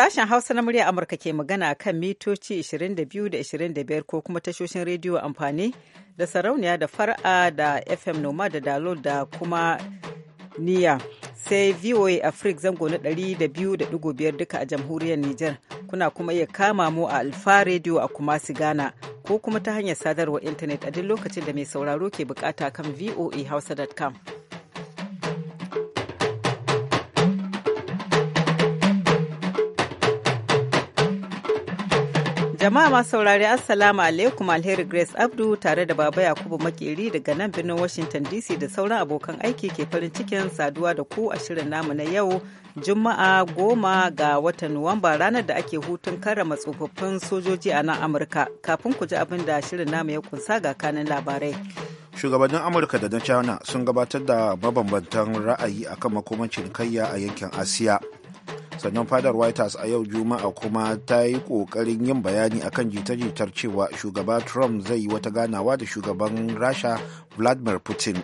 Sashen Hausa na murya Amurka ke magana kan mitoci 22 da 25 ko kuma tashoshin rediyo amfani da sarauniya da far'a da FM Noma da Dalo da kuma Niya. Sai VOA Africa zango na 200.5 duka a jamhuriyar Nijar. Kuna kuma iya kama mu a Alfa Radio a Kumasi Ghana ko kuma ta hanyar sadarwar intanet a duk lokacin da mai sauraro ke bukata kan voa hausa.com. Jama'a masu saurari Assalamu alaikum Alheri Grace Abdu tare da Baba Yakubu Makeri daga nan birnin Washington DC da sauran abokan aiki ke farin cikin saduwa da ku a shirin namu na yau Juma'a goma ga watan Nuwamba ranar da ake hutun karrama tsofaffin sojoji a nan Amurka. Kafin ku ji abin da shirin namu ya kunsa ga kanin labarai. Shugabannin Amurka da na China sun gabatar da mabambantan ra'ayi akan makomancin kayya a yankin Asiya. sannan fadar white house a yau juma'a kuma ta yi kokarin yin bayani akan jita-jitar cewa shugaba trump zai yi wata ganawa da shugaban rasha vladimir putin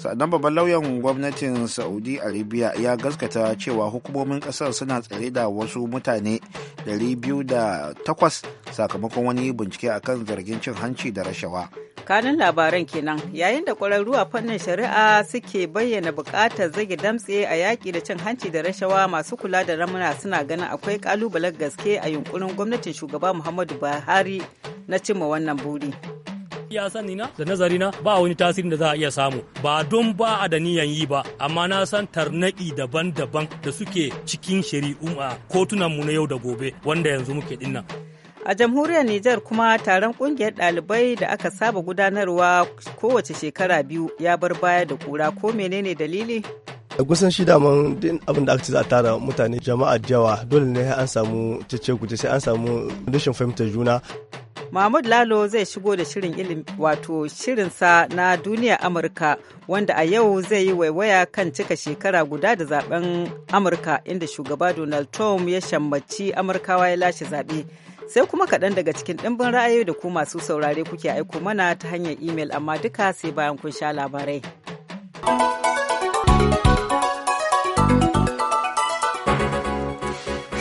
sannan babban lauyan gwamnatin saudi arabia ya gaskata cewa hukumomin kasar suna tsare da wasu mutane 208 sakamakon wani bincike a kan zargin cin hanci da rashawa kanin labaran kenan yayin da ƙwararru a fannin shari'a suke bayyana bukatar zage damtse a yaƙi da cin hanci da rashawa masu kula da ramuna suna ganin akwai ƙalubalen gaske a yunkurin gwamnatin shugaba muhammadu buhari na cimma wannan buri. iya sani na da nazari na ba wani tasirin da za a iya samu ba don ba a da niyan yi ba amma na san tarnaki daban-daban da suke cikin shari'u a kotunan mu na yau da gobe wanda yanzu muke dinnan. A jamhuriyar Nijar kuma taron kungiyar ɗalibai da aka saba gudanarwa kowace shekara biyu ya bar baya da kura ko menene dalili? kusan shi daman din abin da aka ce za a tara mutane jama'a jawa dole ne an samu cece guje sai an samu rashin fahimtar juna Mahmud Lalo zai shigo da shirin ilimi wato shirinsa na duniya Amurka wanda a yau zai yi waiwaya kan cika shekara guda da zaben Amurka inda shugaba Donald Trump ya shammaci Amurkawa ya lashe zaɓe. Sai kuma kaɗan daga cikin ɗimbin ra'ayoyi da ku masu saurare kuke aiko mana ta hanyar imel amma duka sai bayan kun sha labarai.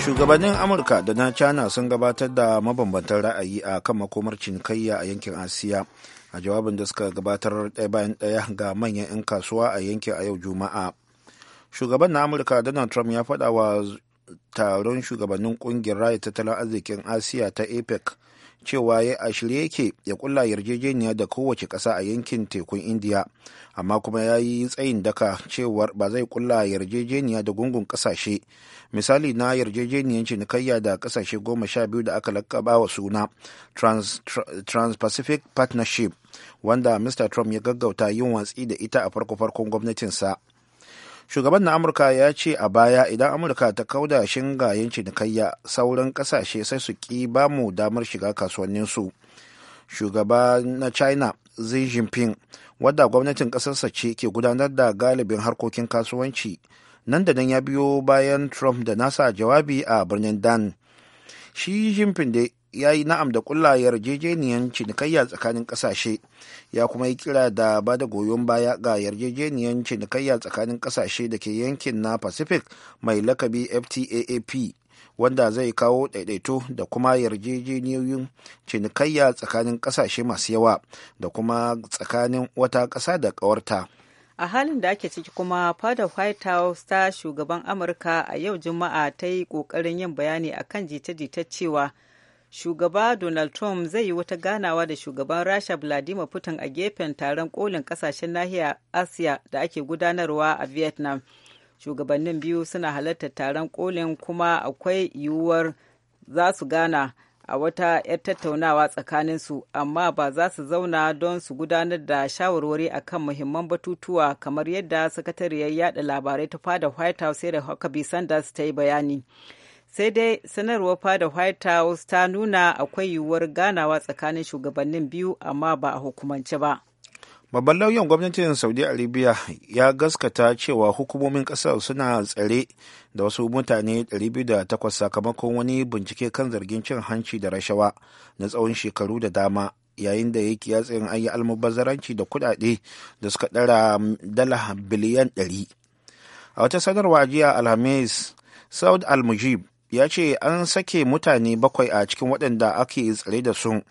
shugabannin amurka da na china sun gabatar da mabambantan ra'ayi a kan makomar cinikayya a yankin asiya a jawabin da suka gabatar ɗaya bayan ɗaya ga manyan 'yan kasuwa a yankin a yau juma'a shugaban na amurka donald trump ya faɗa wa taron shugabannin ƙungiyar raya tattalin arzikin asiya ta apec cewa ya a shirye yake ya kulla yarjejeniya da kowace ƙasa a yankin tekun indiya amma kuma ya yi tsayin daka cewar ba zai kulla yarjejeniya da gungun ƙasashe misali na yarjejeniyar cinikayya da ƙasashe goma sha biyu da aka lakaba wa suna trans-pacific partnership wanda mr trump ya gaggauta yin watsi da ita a farko-farkon gwamnatinsa. shugaban na amurka ya ce a baya idan amurka ta kauda shingayen cinikayya sauran kasashe sai su ki ba mu damar shiga kasuwanninsu shugaba na china xi jinping wadda gwamnatin kasarsa ce ke gudanar da galibin harkokin kasuwanci nan da nan ya biyo bayan trump da nasa jawabi a birnin dan shi jinping dai ya yi na'am da kulla yarjejeniyar cinikayya tsakanin kasashe ya kuma yi kira da ba da goyon baya ga yarjejeniyan cinikayya tsakanin kasashe da ke yankin na pacific mai lakabi ftaap wanda zai kawo daidaito da kuma yarjejeniyoyin cinikayya tsakanin kasashe masu yawa da kuma tsakanin wata ƙasa da ƙawarta. a halin da ake ciki kuma fada white house ta shugaban amurka a yau juma'a ta yi ƙoƙarin yin bayani akan jita-jita cewa shugaba donald trump zai yi wata ganawa da shugaban rasha vladimir putin a gefen taron kolin kasashen nahiyar asiya da ake gudanarwa a vietnam shugabannin biyu suna halartar taron kolin kuma akwai yiwuwar za su gana a wata 'yar tattaunawa tsakaninsu amma ba za su zauna don su gudanar da shawarwari akan muhimman batutuwa kamar yadda sakatariyar yada labarai ta fada white house da huckabee sanders ta yi bayani sai dai sanarwar fada white house ta nuna akwai yiwuwar ganawa tsakanin shugabannin biyu amma ba a hukumance ba babban lauyan gwamnatin saudi arabia ya gaskata cewa hukumomin kasar suna tsare da wasu mutane 208 sakamakon wani bincike kan zargin cin hanci da rashawa na tsawon shekaru da dama yayin da ya kiyasin an yi almubazzaranci da kudade da suka dara dala biliyan 100 a wata sanarwa jiya alhamis saud al-mujib ya ce an sake mutane bakwai a cikin waɗanda ake tsare da su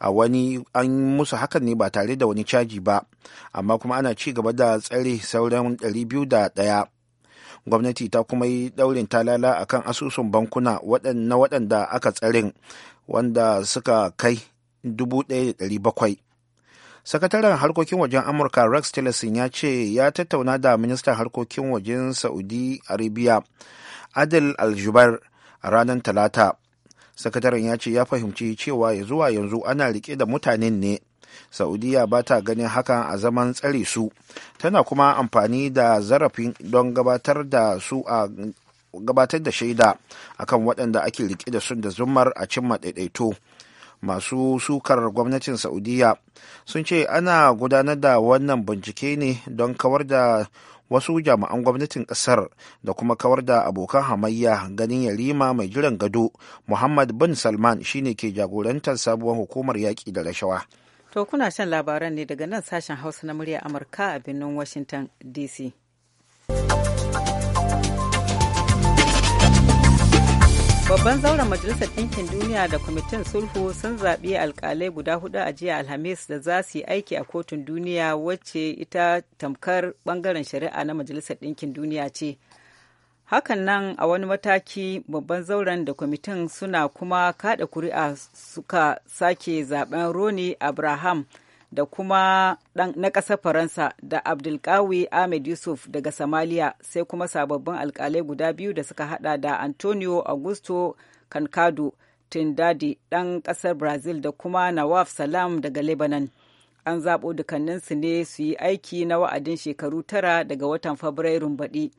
a wani an musu hakan ne ba tare da wani caji ba amma kuma ana ci gaba da tsare sauran 201 gwamnati ta kuma yi ɗaurin talala a kan asusun bankuna na waɗanda aka tsarin wanda suka kai 1,700 sakataren harkokin wajen amurka rex tillerson ya ce ya tattauna da ministan harkokin wajen saudi arabia adil aljubar a ranar talata sakataren ya ce ya fahimci cewa ya zuwa yanzu ana rike da mutanen ne saudiya ba ta ganin hakan a zaman tsare su tana kuma amfani da zarafin don gabatar da su a gabatar da shaida akan waɗanda ake rike da sun da zumar a cimma daidaito masu sukar gwamnatin saudiya sun ce ana gudanar da wannan bincike ne don kawar da wasu jami'an gwamnatin kasar da kuma kawar da abokan hamayya ganin yarima mai jiran gado muhammad bin salman shine ke jagorantar sabuwar hukumar yaƙi da rashawa to kuna shan labaran ne daga nan sashen hausa na murya amurka a birnin washington dc babban zauren majalisar ɗinkin duniya da kwamitin sulhu sun zaɓi alƙalai guda hudu a jiya alhamis da za su yi aiki a kotun duniya wacce ita tamkar ɓangaren shari'a na majalisar ɗinkin duniya ce hakan nan a wani mataki babban zauren da kwamitin suna kuma kaɗa kuri'a suka sake zaben roni abraham da kuma na ƙasar faransa da abdulkawi ahmed yusuf daga samaliya sai kuma sababbin alkalai guda biyu da suka hada da antonio augusto kankado tindadi ɗan ƙasar brazil da kuma nawaf salam daga lebanon an zaɓo dukanninsu ne su yi aiki na wa'adin shekaru tara daga watan fabrairun baɗi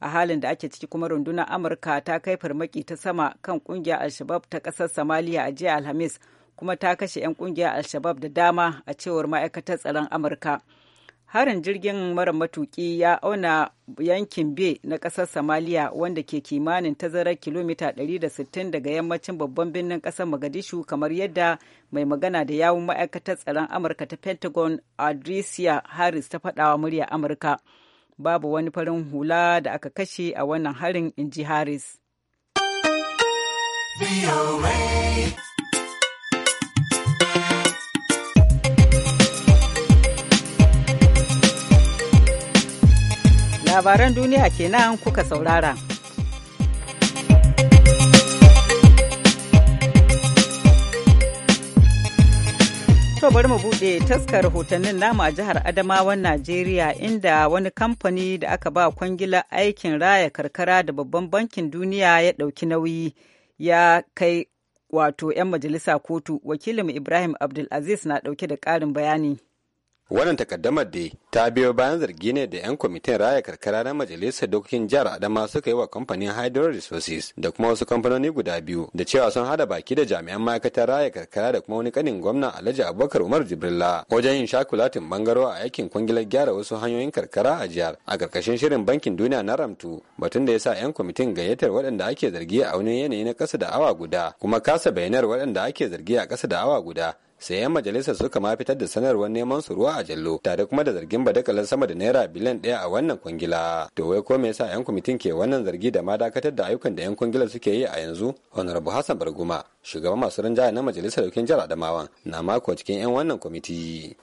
a halin da ake ciki kuma rundunar amurka ta kai farmaki ta sama kan ƙungiyar al ta ƙasar samaliya a jiya alhamis kuma ta kashe 'yan kungiyar al-shabab da dama a cewar ma'aikatar tsaron amurka harin jirgin mara matuki ya auna yankin bay na kasar somalia wanda ke kimanin tazarar kilomita 160 daga yammacin babban birnin kasar magadishu kamar yadda mai magana da yawun ma'aikatar tsaron amurka ta pentagon adricia harris ta faɗawa murya amurka babu wani farin hula da aka kashe a wannan harin inji harris labaran duniya kenan kuka saurara. To bari mu buɗe taskar rahotannin namu a jihar Adamawan Najeriya inda wani kamfani da aka ba kwangila aikin raya karkara da babban bankin duniya ya ɗauki nauyi ya kai wato 'yan majalisa kotu wakilinmu Ibrahim Abdulaziz na ɗauke da ƙarin bayani. wannan takaddamar da ta biyo bayan zargi ne da 'yan kwamitin raya karkara na majalisar dokokin jihar adama suka yi wa kamfanin hydro resources da kuma wasu kamfanoni guda biyu da cewa sun hada baki da jami'an ma'aikatar raya karkara da kuma wani kanin gwamna alhaji abubakar umar jibrila wajen yin shakulatin bangaro a aikin kwangilar gyara wasu hanyoyin karkara a jihar a karkashin shirin bankin duniya na ramtu batun da ya sa 'yan kwamitin gayyatar waɗanda ake zargi a wani yanayi na ƙasa da awa guda kuma kasa bayanar waɗanda ake zargi a ƙasa da awa guda sai 'yan majalisar suka ma fitar da sanarwar neman su ruwa a jallo tare kuma da zargin badakalar sama da naira biliyan ɗaya a wannan kwangila to wai ko me yasa 'yan kwamitin ke wannan zargi da ma dakatar da ayyukan da 'yan kwangilar suke yi a yanzu honorable hassan barguma shugaban masu rinjaya na majalisar dokin jihar adamawan na mako cikin 'yan wannan kwamiti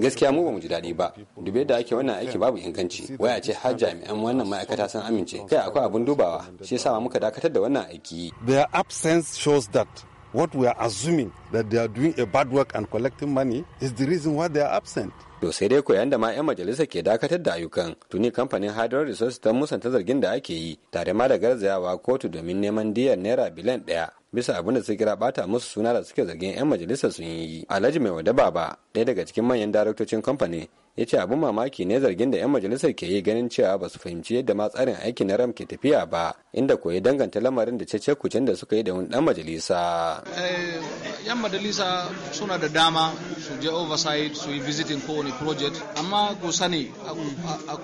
gaskiya mu ba mu ji daɗi ba dube da ake wannan aiki babu inganci waya ce har jami'an wannan ma'aikata sun amince kai akwai abin dubawa shi yasa muka dakatar da wannan aiki their absence shows that what we are assuming that they are doing a bad work and collecting money is the reason why they are absent To sai dai koyan da ma 'yan majalisa ke dakatar da ayyukan tuni kamfanin Hydro Resources ta musanta zargin da ake yi tare ma da garzayawa kotu domin neman diyar naira biliyan ɗaya bisa abin da suka kira bata musu suna da suke zargin 'yan majalisa sun yi. Alhaji mai wada baba ɗaya daga cikin manyan daraktocin kamfanin ya ce abin mamaki ne zargin da 'yan majalisar ke yi ganin cewa ba su fahimci yadda ma tsarin aiki na ram ke tafiya ba inda koyi danganta lamarin da cece kucin da suka yi da wani dan majalisa. Eh, yan majalisa suna da dama su je oversight su yi visiting kowane project amma ku sani a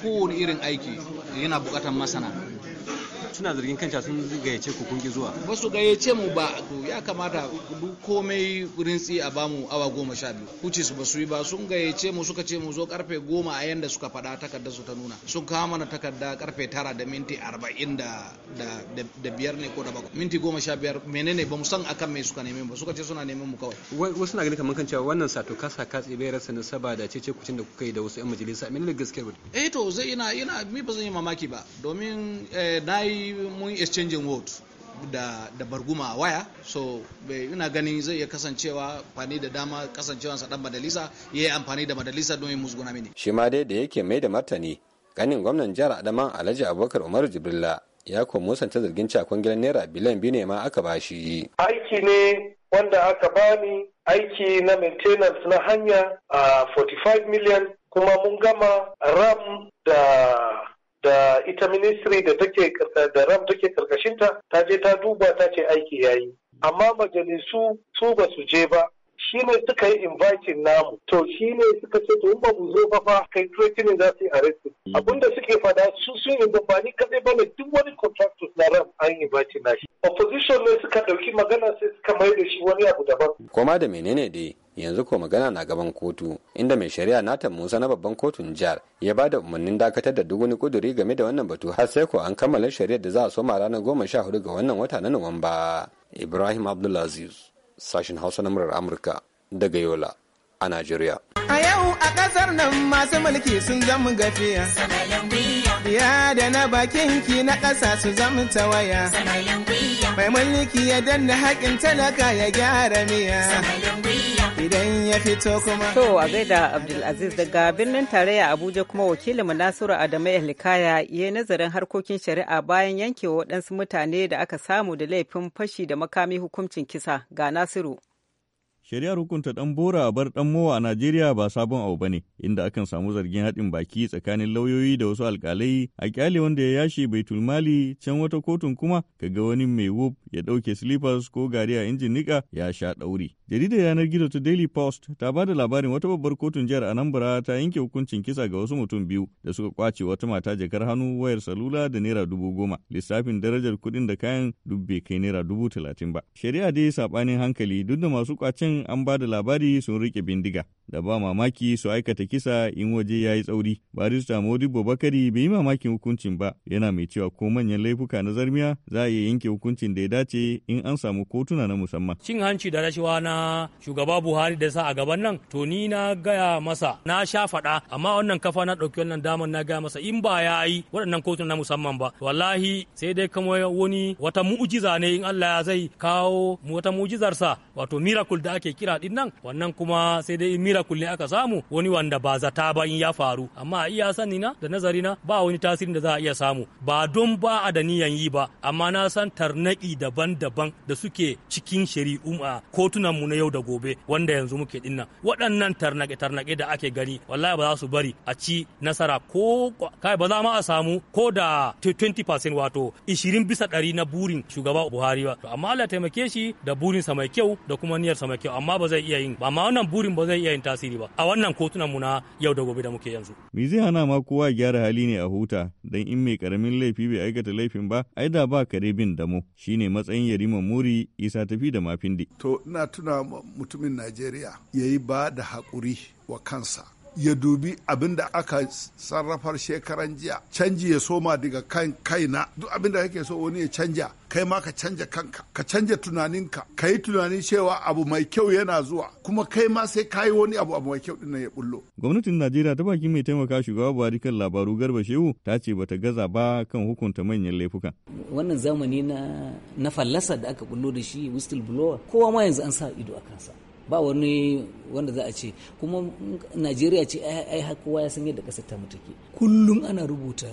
kowane irin aiki yana bukatar masana suna zargin kanta sun gayyace ku kun ki zuwa ba su gayyace mu ba to ya kamata duk komai rintsi a bamu awa goma sha biyu kuce su ba su yi ba sun gayyace mu suka ce mu zo karfe goma a yanda suka faɗa takardar su ta nuna sun kawo mana takarda karfe tara da minti arba'in da da biyar ne ko da bakwai minti goma sha biyar menene ba mu san akan me suka neman ba suka ce suna neman mu kawai wasu na gani kamar kan cewa wannan sato kasa katse bai rasa nasaba da cece kucin da kuka yi da wasu yan majalisa menene gaskiyar eh to zai ina ina mi ba zan yi mamaki ba domin eh, na yi mun exchanging vote da, da barguma a waya so ina ganin zai iya kasancewa fani da dama kasancewansa dan madalisa ya yi amfani da madalisa don yin musguna mini shi ma dai da yake mai da martani ganin gwamnan jihar adaman alhaji abubakar umar jibrilla ya kuma musanta zargin cakon gidan naira biliyan biyu ne ma aka ba shi aiki ne wanda aka bani aiki na maintenance na hanya a ah, 45 million kuma mun gama ram da da ita ministry da take da ram take karkashin ta je ta duba ta ce aiki yayi amma majalisu su ba su je ba shine ne suka yi inviting namu to shine ne suka ce to in ba mu zo ba fa kai ne za su yi arrest mm. abinda suke fada su sun yi ba ni kadai bane duk wani contractors na ram an yi inviting na shi opposition ne suka dauki magana sai suka mai da shi wani abu daban koma da menene dai yanzu ko magana na gaban kotu inda mai shari'a nata musa na babban kotun jihar ya ba da umarnin dakatar da duk wani kuduri game da wannan batu har sai ko an kammala shari'ar da za a soma ranar goma sha hudu ga wannan wata na nuwamba ibrahim abdulaziz sashen hausa na murar amurka daga yola a najeriya A yau a ƙasar nan masu mulki sun zama gafiya. Ya da na bakin ki na ƙasa su zama tawaya. Mai mulki ya danna haƙin talaka ya gyara miya. Idan ya fito kuma. To a gaida Abdulaziz daga birnin tarayya Abuja kuma wakilin Nasiru Adamu Ehlikaya ya nazarin harkokin shari'a bayan yankewa waɗansu mutane da aka samu da laifin fashi da makami hukuncin kisa ga Nasiru. Shari'ar hukunta ɗan bora a bar ɗan mowa a Najeriya ba sabon abu ne inda akan samu zargin haɗin baki tsakanin lauyoyi da wasu alƙalai a ƙyale wanda ya yashe baitul mali can wata kotun kuma kaga wani mai wub ya ɗauke slippers ko gari a injin niƙa ya sha ɗauri. Jaridar yanar gizo ta Daily Post ta ba da labarin wata babbar kotun jihar Anambra ta yanke hukuncin kisa ga wasu mutum biyu da suka kwace wata mata jakar hannu wayar salula da naira dubu goma lissafin darajar kuɗin da kayan dubbe kai naira dubu talatin ba. Shari'a dai saɓanin hankali duk da masu kwacen an ba da labari sun rike bindiga da ba mamaki su aikata kisa in waje ya yi tsauri barista modibo bakari bai yi mamakin hukuncin ba yana mai cewa ko manyan laifuka na zarmiya za a iya yanke hukuncin da ya dace in an samu kotuna na musamman cin hanci da rashawa na shugaba buhari da sa a gaban nan to ni na gaya masa na sha faɗa amma wannan kafa na ɗauki wannan damar na gaya masa in ba ya yi waɗannan kotuna na musamman ba wallahi sai dai kama wani wata mu'jiza ne in Allah ya zai kawo wata mu'jizarsa wato miracle da ake ake kira din nan wannan kuma sai dai mira ne aka samu wani wanda ba zata ba in ya faru amma a iya sani na da nazari na ba wani tasirin da za a iya samu ba don ba a da niyan yi ba amma na san tarnaki daban-daban da suke cikin shari'u a kotunan mu na yau da gobe wanda yanzu muke dinnan waɗannan tarnake-tarnake da ake gani wallahi ba za su bari a ci nasara ko kai ba za mu a samu ko da 20% wato 20 bisa ɗari na burin shugaba Buhari ba amma Allah taimake shi da sa mai kyau da kuma sa mai kyau amma ba zai iya yin ba amma wannan burin ba zai iya yin tasiri ba a wannan kotunan mu na yau da gobe da muke yanzu me zai hana ma kowa gyara hali ne a huta dan in mai karamin laifi bai aikata laifin ba ai da ba kare bin mu shine matsayin yariman muri isa tafi da mafindi to ina tuna mutumin Najeriya yayi ba da hakuri wa kansa ya dubi abin da aka sarrafar shekaran jiya canji ya soma daga kan kaina duk abin da kake so wani ya canja kai ma ka canja kanka ka canja tunaninka ka yi tunanin cewa abu mai kyau yana zuwa kuma kai ma sai ka yi wani abu abu mai kyau din ya bullo gwamnatin najeriya ta baki mai taimaka shugaba buhari kan labaru garba shehu ta ce bata gaza ba kan hukunta manyan laifuka wannan zamani na na fallasa da aka bullo da shi whistleblower kowa ma yanzu an sa ido a kansa ba wani wanda za a ce kuma najeriya ce ai kowa ya san yadda ƙasar ta take kullum ana rubuta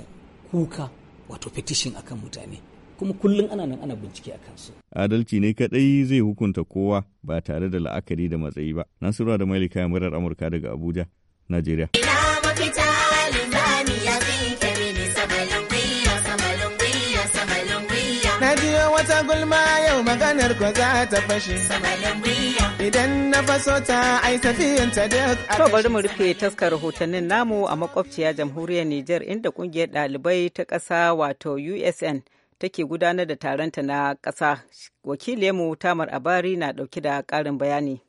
kuka wato petition akan mutane kuma kullum ana nan ana bincike a kansu. Adalci ne kadai zai hukunta kowa ba tare da la'akari da matsayi ba. Nasura da ya murar Amurka daga Abuja, Najeriya. ta gulma yau maganar ko za ta fashe. Idan na faso ta ai tafiyan ta duk a bari mu rufe taskar rahotannin namu a makwabciya jamhuriyar Nijar inda kungiyar dalibai ta ƙasa wato USN take gudanar da taronta na ƙasa. Wakilemu Tamar Abari na ɗauki da ƙarin bayani.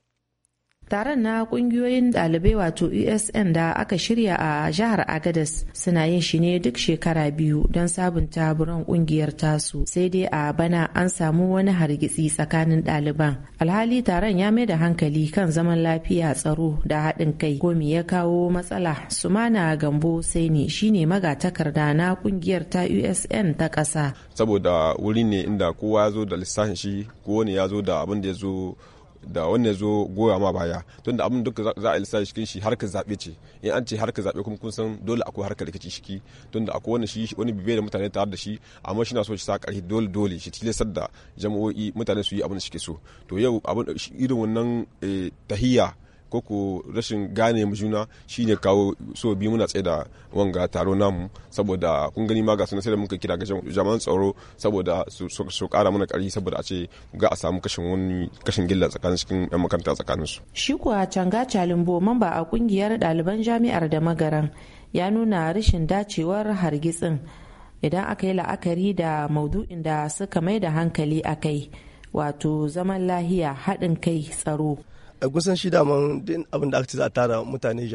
Taron na kungiyoyin ɗalibai wato USN e da aka shirya a jihar Agadas suna yin shi ne duk shekara biyu don sabunta buran kungiyar tasu sai dai a bana an samu wani hargitsi tsakanin ɗaliban. Alhali taron ya mai da hankali kan zaman lafiya tsaro da haɗin kai ko ya kawo matsala sumana gambo sai ne shine magatakarda na kungiyar ta USN e ta ƙasa. Saboda wuri ne inda kowa ya zo da lissafin shi ko ne ya zo da abin da ya zo da wannan zo goya ma baya tunda abin duk za a lissafi cikin shi harkar zaɓe ce in an ce harkar zaɓe kuma kun san dole akwai harkar rikici shiki tunda akwai wani shi wani bibe da mutane tare da shi amma shi na so shi sa ƙarfi dole dole shi tilastar da jam'o'i mutane su yi abin da suke so to yau abin irin wannan eh, tahiyya ko ko rashin gane mu juna shine kawo so biyu muna tsaye da wanga taro namu saboda kun gani ma ga sunan sai da muka kira ga jaman tsaro saboda su kara mana kari saboda a ce ga a samu kashin wani kashin gilla tsakanin cikin yan makaranta tsakanin su shi kuwa canga calimbo mamba a kungiyar ɗaliban jami'ar da magaran ya nuna rashin dacewar hargitsin idan aka yi la'akari da maudu'in da suka mai da hankali a kai wato zaman lahiya haɗin kai tsaro a eh, kusan shi daman din abin da aka ce za a tara mutane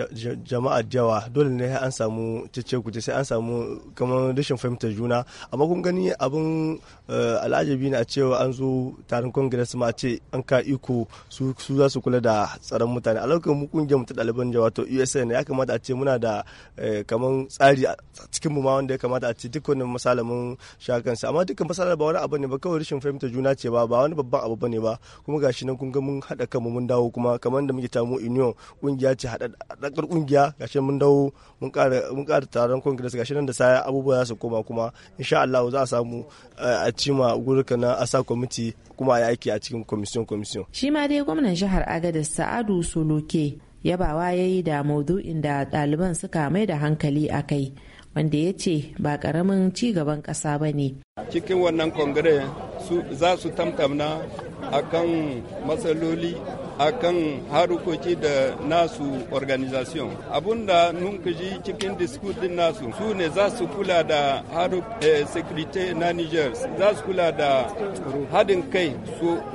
jama'a jawa dole ne an samu cece kuce sai an samu kamar rashin fahimtar juna amma kun gani abin eh, al'ajabi na cewa an zo taron congress ma ce an ka iko su za su kula da tsaron mutane a lokacin mu kungiyar mu ta ɗaliban jawa to usa ne ya kamata a ce muna da eh, kamar tsari a cikin mu ma wanda ya kamata a ce dukkanin masalamin sa amma dukkan masalar ba wani abu ne ba kawai rashin fahimtar juna ce ba ba wani babban abu ba ne ba kuma gashi nan kun ga mun haɗa kanmu mun dawo kuma kamar da muke ta mu union kungiya ce haɗaɗɗar kungiya gashi mun dawo mun ƙara mun taron congress gashi nan da saya abubuwa za su koma kuma insha Allah za a samu eh, a cima gurka na asa kwamiti kuma a yi aiki a cikin commission commission shi ma dai gwamnan jihar agadar Sa'adu Soloke yabawa yayi da maudu'in da ɗaliban suka mai da hankali a kai wanda ya ce ba ƙaramin ci gaban ƙasa ba ne. Cikin wannan kongire za su tamtamna akan matsaloli a kan harkoki da nasu organization abunda nun ji cikin discours din nasu su ne za su kula da eh, sécurité na niger za su kula da haɗin kai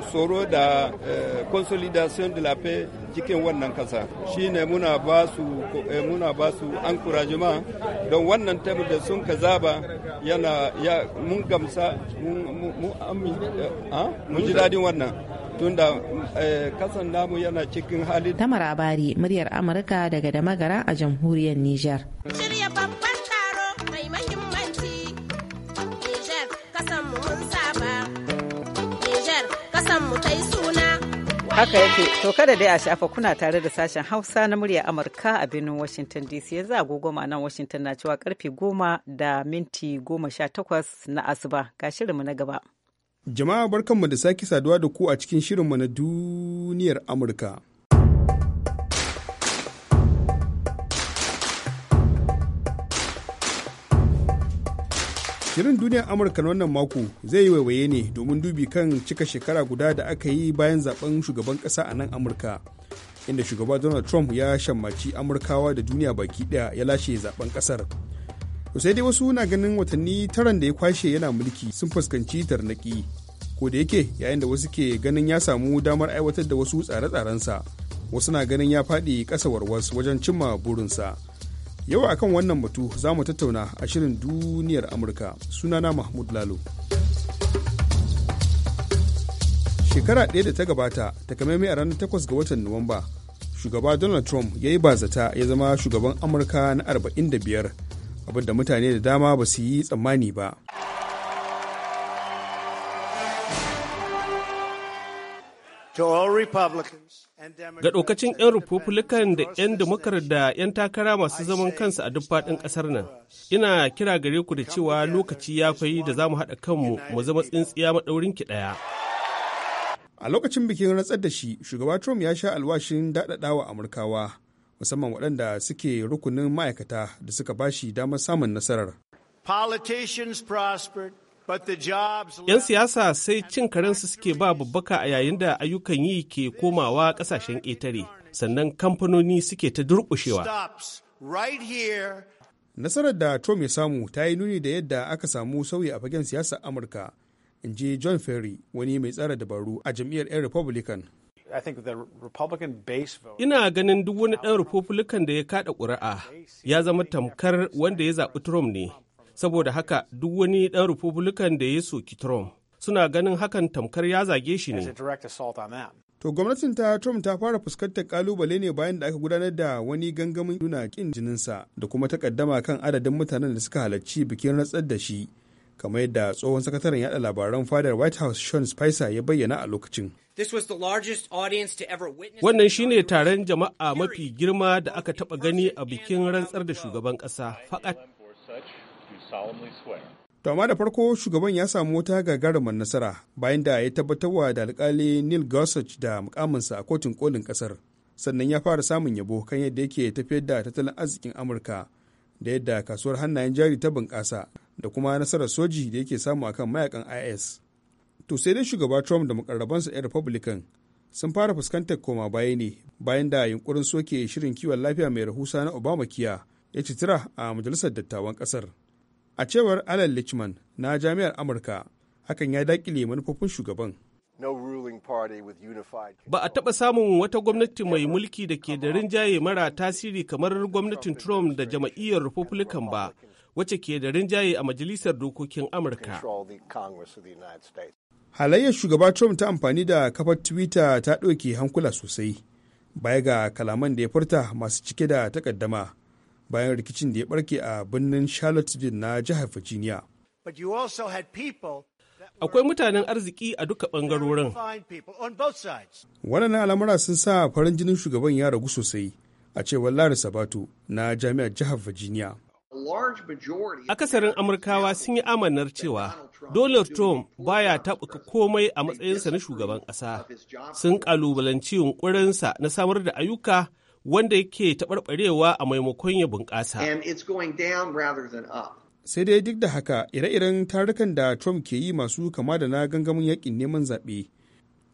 tsoro da eh, consolidation de la paix cikin wannan kasa ne muna ba su eh, muna ba su encouragement don wannan tabi da sun ka zaba yana ya mun gamsa mun ah, ji dadin wannan tunda eh, kasan namu yana cikin hali. ta Abari, muryar Amurka daga Damagara a jamhuriyar Nijar. Shirya babban taro mai mahimmanci Nijar kasanmu mun saba. Nijar kasanmu ta suna. Haka yake, to kada dai a shafa kuna tare da sashen Hausa na muryar Amurka a birnin Washington DC yanzu agogo nan Washington na cewa karfe goma da minti goma sha takwas na asuba ga shirinmu na gaba. Jama'a barkan mu da sake saduwa da ku a cikin shirinmu na duniyar Amurka. Shirin duniyar Amurka na wannan mako zai yi waiwaye ne domin dubi kan cika shekara guda da aka yi bayan zaben shugaban ƙasa a nan Amurka. Inda shugaba Donald Trump ya shammaci Amurkawa da duniya baki ɗaya ya lashe zaben ƙasar. to sai dai wasu na ganin watanni taran da ya kwashe yana mulki sun fuskanci tarnaki ko da yake yayin da wasu ke ganin ya samu damar aiwatar da wasu tsare-tsarensa wasu na ganin ya faɗi ƙasa warwas wajen cimma burinsa yau akan wannan batu za mu tattauna a shirin duniyar amurka sunana mahmud lalo shekara ɗaya da ta gabata takamaimai a ranar 8 ga watan nuwamba shugaba donald trump ya yi bazata ya zama shugaban amurka na 45 da mutane da dama ba su yi tsammani ba. Ga ɗaukacin 'yan Republican da 'yan Democrat da 'yan takara masu zaman kansu a duk faɗin ƙasar nan, ina kira gare ku da cewa lokaci ya fayi da za mu haɗa kanmu mu zama tsintsiya maɗaurin ki ɗaya. A lokacin bikin rantsar da shi, shugaba Trump ya sha alwashin daɗaɗawa Amurkawa musamman waɗanda suke rukunin ma'aikata da suka bashi damar samun nasarar. 'Yan siyasa sai cin karensu suke ba babbaka a yayin da ayyukan yi ke komawa ƙasashen ƙetare, sannan kamfanoni suke ta durƙushewa. Nasarar da Trump ya samu ta yi nuni da yadda aka samu sauyi a fagen siyasar Amurka, in ji John Ferry, wani mai tsara dabaru a jam'iyyar 'yan Republican. Ina ganin duk wani ɗan Republican da ya kaɗa ƙuri'a ya zama tamkar wanda ya zaɓi Trump ne, saboda haka duk wani ɗan Republican da ya soki Trump suna ganin hakan tamkar ya zage shi ne. To gwamnatin ta Trump ta fara fuskantar kalubale ne bayan da aka gudanar da wani gangamin nuna kin jininsa da kuma takaddama kan adadin mutanen da suka halarci bikin ratsar da shi kamar yadda tsohon sakataren yada labaran fadar white house sean spicer ya bayyana a lokacin wannan shi ne taron jama'a mafi girma da aka taɓa gani a bikin rantsar da shugaban ƙasa. fakat to amma da farko shugaban ya samu wata gagarumar nasara bayan da ya tabbatarwa da alkali neil gorsuch da mukaminsa a kotun kolin kasar sannan ya fara samun yabo kan yadda yake tafiyar da tattalin arzikin amurka da yadda kasuwar hannayen jari ta bunƙasa da kuma nasarar soji da yake samu akan mayakan is to sai dai shugaba trump da mukarrabansa 'yan republican sun fara fuskantar koma baya ne bayan da yunkurin soke shirin kiwon lafiya mai rahusa na obama kiya ya citira a majalisar dattawan kasar a cewar alan lichman na jami'ar amurka hakan ya daƙile manufofin shugaban Ba a taɓa samun wata gwamnati mai mulki da ke da rinjaye mara tasiri kamar gwamnatin Trump da jama'iyyar Republican ba, wacce ke da rinjaye a Majalisar Dokokin Amurka. Halayyar shugaba Trump ta amfani da kafar Twitter ta ɗauke hankula sosai, baya ga kalaman da ya furta masu cike da takaddama bayan rikicin da ya barke a birnin Charlottesville na jihar Virginia. But you also had people akwai mutanen arziki a duka ɓangarorin. Waɗannan al'amura sun sa farin jinin shugaban ya ragu sosai a cewar Larry Sabato na jami'ar jihar Virginia. Akasarin Amurkawa sun yi amanar cewa Donald Trump baya taɓuka komai a matsayinsa na shugaban ƙasa. Sun ƙalubalanci yunƙurinsa na samar da ayyuka wanda yake taɓarɓarewa a maimakon ya bunƙasa. sai dai duk da haka ire-iren tarukan da trump ke yi masu kama da na gangamin yakin neman zaɓe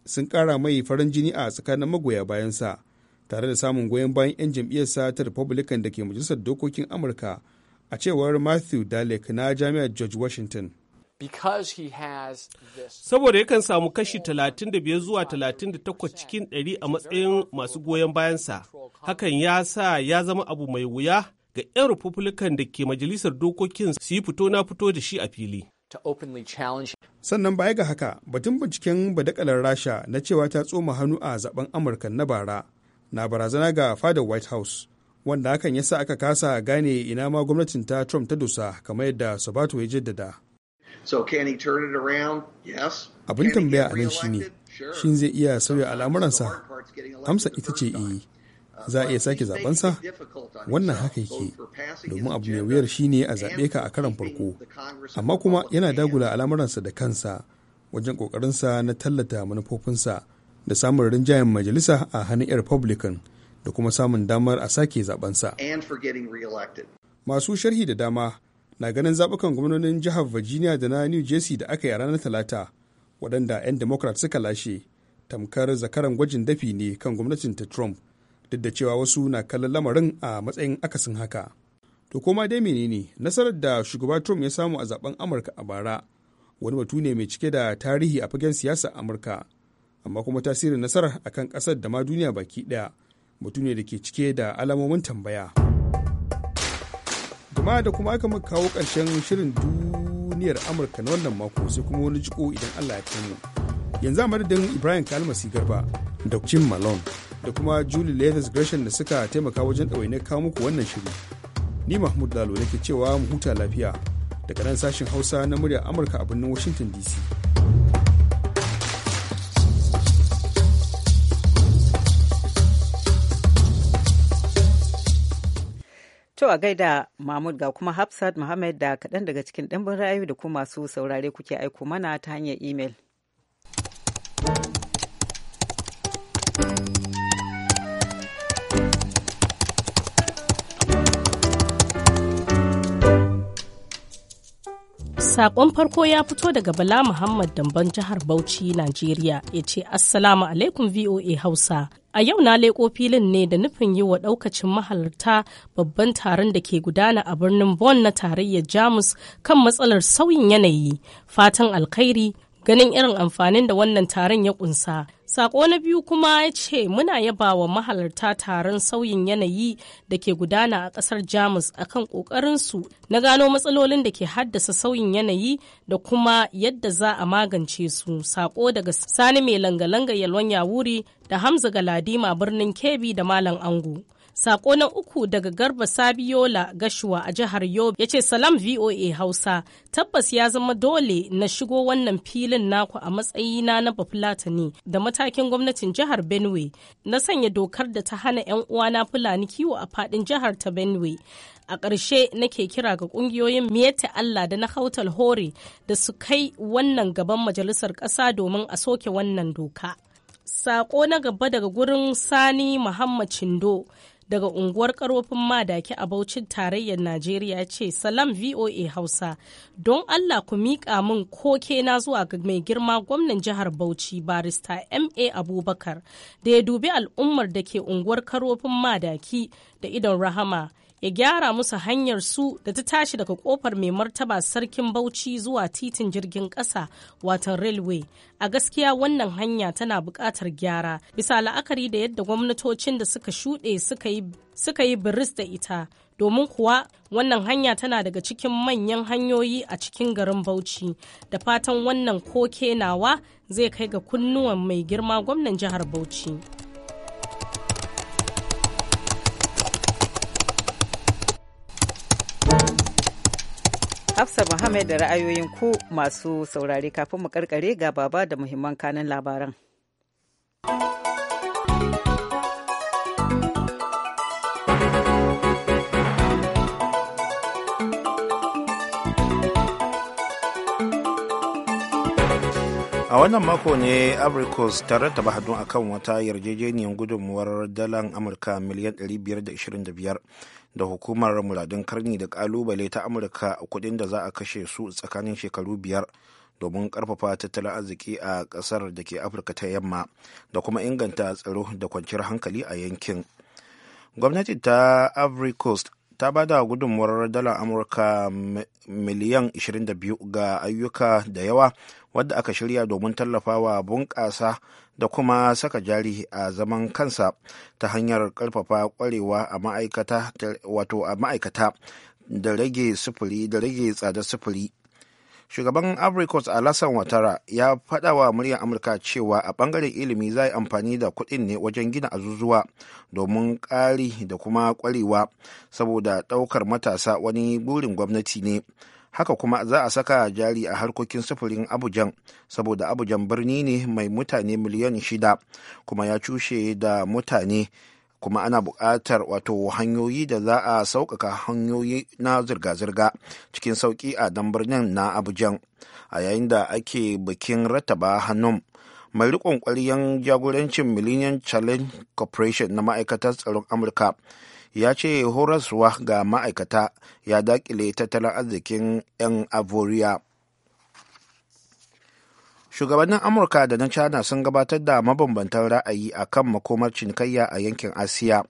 sun ƙara mai farin jini a tsakanin magoya bayansa tare da samun goyon bayan 'yan jam'iyyarsa ta republican da ke majalisar dokokin amurka a cewar matthew dalek na jami'ar george washington saboda yakan samu kashi 35 zuwa 38 cikin 100 a matsayin masu goyon bayansa hakan ya sa ya zama abu mai wuya ga 'yan Republican da ke majalisar dokokin su yi fito na fito da shi a fili. Sannan baya ga haka, batun binciken badakalar Rasha na cewa ta tsoma hannu a zaben Amurka na bara na barazana ga fadar White House, wanda hakan ya sa aka kasa gane ina ma gwamnatin ta Trump ta dusa kamar yadda Sabato ya jaddada. Abin tambaya a nan shine, shin zai iya sauya al'amuransa? Amsa ita ce eh. za a iya sake zabensa wannan haka yake domin abu mai wuyar shine a zaɓe ka a karan farko amma kuma yana dagula al'amuransa da kansa wajen ƙoƙarinsa na tallata manufofinsa da samun rinjayen majalisa a hannun 'yan republican da kuma samun damar a sake zabensa masu sharhi da dama na ganin zaɓukan gwamnonin jihar virginia da na new jersey da aka yi a ranar talata waɗanda 'yan democrat suka lashe tamkar zakaran gwajin dafi ne kan gwamnatin ta trump duk da cewa wasu na kallon lamarin a matsayin akasin haka to koma dai menene nasarar da shugaba trump ya samu a zaben amurka a bara wani batu ne mai cike da tarihi a fagen siyasa amurka amma kuma tasirin nasarar akan kasar da ma duniya baki daya batu ne da ke cike da alamomin tambaya jama'a da kuma aka muka kawo ƙarshen shirin duniyar amurka na wannan mako sai kuma wani jiko idan allah ya kai mu yanzu a madadin ibrahim kalmasi garba da jim malone da kuma Julie Leathers Gresham da suka taimaka wajen ɗawainiyar kawo muku wannan shiri. Ni Mahmud Lalo nake cewa mu huta lafiya daga nan sashen Hausa na muryar Amurka a birnin Washington DC. To a gaida Mahmud ga kuma Hafsat Muhammad da kaɗan daga cikin ɗimbin ra'ayoyi da kuma masu saurare kuke aiko mana ta hanyar imel. Sakon farko ya fito daga Bala Muhammad Damban jihar Bauchi, Najeriya, ya ce Assalamu alaikum VOA Hausa. A yau na leƙo filin ne da nufin yi wa ɗaukacin mahalarta babban taron da ke gudana a birnin Bonn na tarayyar Jamus kan matsalar sauyin yanayi, fatan alkhairi, ganin irin amfanin da wannan taron ya ƙunsa. Sako na biyu kuma ya ce muna yaba wa mahalarta taron sauyin yanayi da ke gudana a kasar Jamus akan ƙoƙarinsu na gano matsalolin da ke haddasa sauyin yanayi da kuma yadda za a magance su. Sako daga Sani mai langa-langa yalwan yawuri da Hamza Galadima birnin Kebbi da Malam Angu. Sako na uku daga Garba Sabiola Gashuwa a jihar Yobe ya ce Salam VOA Hausa tabbas ya zama dole na shigo wannan filin naku a matsayina na Bafulatani da matakin gwamnatin jihar Benue na sanya dokar da ta hana 'yan uwana Fulani kiwo a fadin jihar ta Benue. a ƙarshe nake kira ga ƙungiyoyin miyata Allah da na hautal hore da su kai wannan gaban majalisar ƙasa domin a soke wannan doka. saƙo na gaba daga gurin Sani Muhammad Chindo daga unguwar karofin madaki a Bauchin tarayyar Najeriya ce salam VOA Hausa don Allah ku miƙa min koke na zuwa ga mai girma gwamnan jihar Bauchi barista MA Abubakar da ya dubi al'ummar da ke unguwar karofin madaki da idon rahama ya gyara musu hanyar su da ta tashi daga kofar mai martaba sarkin bauchi zuwa titin jirgin ƙasa watan railway a gaskiya wannan hanya tana buƙatar gyara bisa la'akari da yadda gwamnatocin da suka shuɗe suka yi biris da ita domin kuwa wannan hanya tana daga cikin manyan hanyoyi a cikin garin bauchi da fatan wannan koke nawa zai kai ga kunnuwan mai girma gwamnan jihar bauchi. Hafsa Muhammad da ra'ayoyin ku masu saurare kafin mu karkare ga baba da muhimman kanan labaran. a wannan mako ne abricus ta rattaba hannu a kan wata yarjejeniyar gudunmuwar dalan amurka miliyan 525 da hukumar muradun karni da kalubale ta amurka kudin da za a kashe su tsakanin shekaru biyar domin karfafa tattalin arziki a kasar da ke afirka ta yamma da kuma inganta tsaro da kwanciyar hankali a yankin gwamnati ta ivory coast ta ba da gudunmuwar dalar amurka miliyan 22 ga ayyuka da yawa wadda aka shirya domin tallafawa bunƙasa da kuma saka jari a zaman kansa ta hanyar ƙarfafa ƙwarewa a ma'aikata wato a ma'aikata da rage sufuri da rage tsada sufuri shugaban a alasan watara ya faɗa wa muryar amurka cewa a ɓangaren ilimi za yi amfani da kuɗin ne wajen gina azuzuwa domin ƙari da kuma ƙwarewa saboda ɗaukar matasa wani burin gwamnati ne haka kuma za a saka jari a harkokin sufurin abujan saboda abujan birni ne mai mutane miliyan shida kuma ya cushe da mutane kuma ana buƙatar wato hanyoyi da za a sauƙaƙa hanyoyi na zirga-zirga cikin sauƙi a dan birnin na abujan a yayin da ake bikin rattaba hannun mai riƙon ƙwaryen jagorancin millennium challenge corporation na ma'aikatar tsaron amurka ya ce horaswa ga ma'aikata ya dakile tattalin arzikin 'yan avoria shugabannin amurka da na china sun gabatar da mabambantan ra'ayi a kan makomar cinikayya a yankin asiya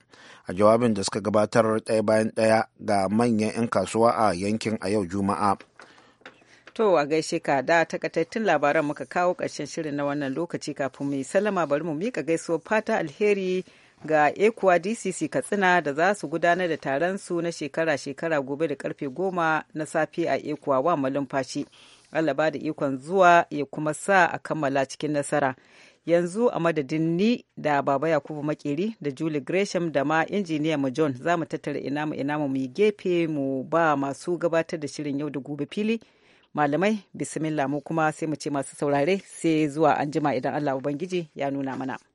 a jawabin da suka gabatar ɗaya bayan ɗaya ga manyan 'yan kasuwa a yankin a yau juma'a To a gaishe ka da takatattun labaran muka kawo ƙarshen shirin na wannan lokaci kafin mu yi sallama bari mu mika gaisuwar fata alheri ga ekuwa dcc katsina da za su gudanar da taron su na shekara-shekara gobe da karfe goma na safe a ekuwa wa malumfashi allah ba da ikon zuwa ya kuma sa a kammala cikin nasara yanzu a madadin ni da baba yakubu makeri da juli gresham da ma injiniya mu john za mu tattara ina mu mu yi gefe mu ba masu gabatar da shirin yau da gobe fili malamai bismillah mu kuma sai mu ce masu saurare sai zuwa anjima idan allah ubangiji ya nuna mana